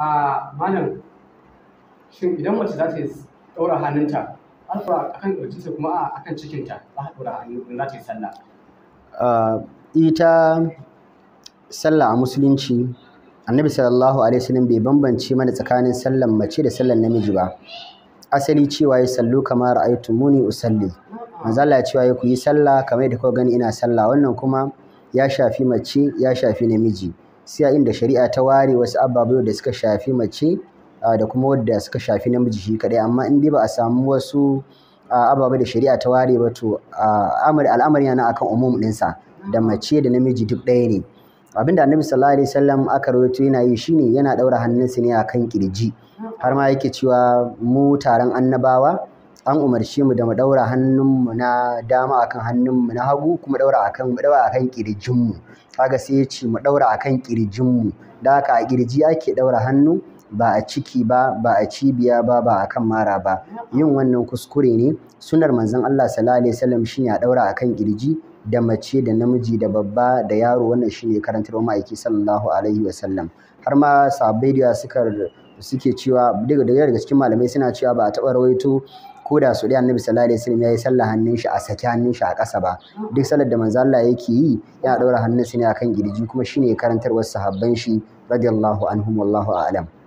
a malam shin idan mace za ta ɗaura hannunta alfa a kan ɗaukinsa kuma a kan cikinta za ta ɗaura hannu za ta yi sallah ita sallah a musulunci annabi sallallahu alaihi wasallam bai bambance mana tsakanin sallan mace da sallan namiji ba asali cewa ya sallu kamar muni usalli manzo Allah ya cewa ya ku yi sallah kamar yadda kuka gani ina sallah wannan kuma ya shafi mace ya shafi namiji sai inda shari'a ta ware wasu ababai da suka shafi mace da kuma wadda suka shafi namiji shi kadai amma in dai ba a samu wasu ababai da shari'a ta ware ba to al'amari yana akan umum ɗinsa da mace da namiji duk ɗaya ne abin da annabi sallallahu alaihi wasallam aka rawaito yana yi shine yana daura hannunsa ne akan kirji har ma yake cewa mu taron annabawa an umarci mu da mu ɗaura hannunmu na dama akan hannunmu na hagu kuma daura akan mu ɗaura akan ƙirjinmu kaga sai ya ce mu ɗaura akan ƙirjinmu da haka a ƙirji ake ɗaura hannu ba a ciki ba ba a cibiya ba ba a kan mara ba yin wannan kuskure ne sunar manzon Allah sallallahu alaihi wasallam shine a ɗaura akan kirji da mace da namiji da babba da yaro wannan shine karantar ma'aiki sallallahu alaihi wasallam har ma sahabbai da suka suke cewa daga daga cikin malamai suna cewa ba a taɓa rawaito ko da su dai annabi sallallahu alaihi wasallam yayi sallah hannun shi a saki hannun shi a ƙasa ba duk sallar da manzo Allah yake yi yana ɗaura hannun shi ne akan girji kuma shine karantarwar sahabban shi radiyallahu anhum wallahu a'lam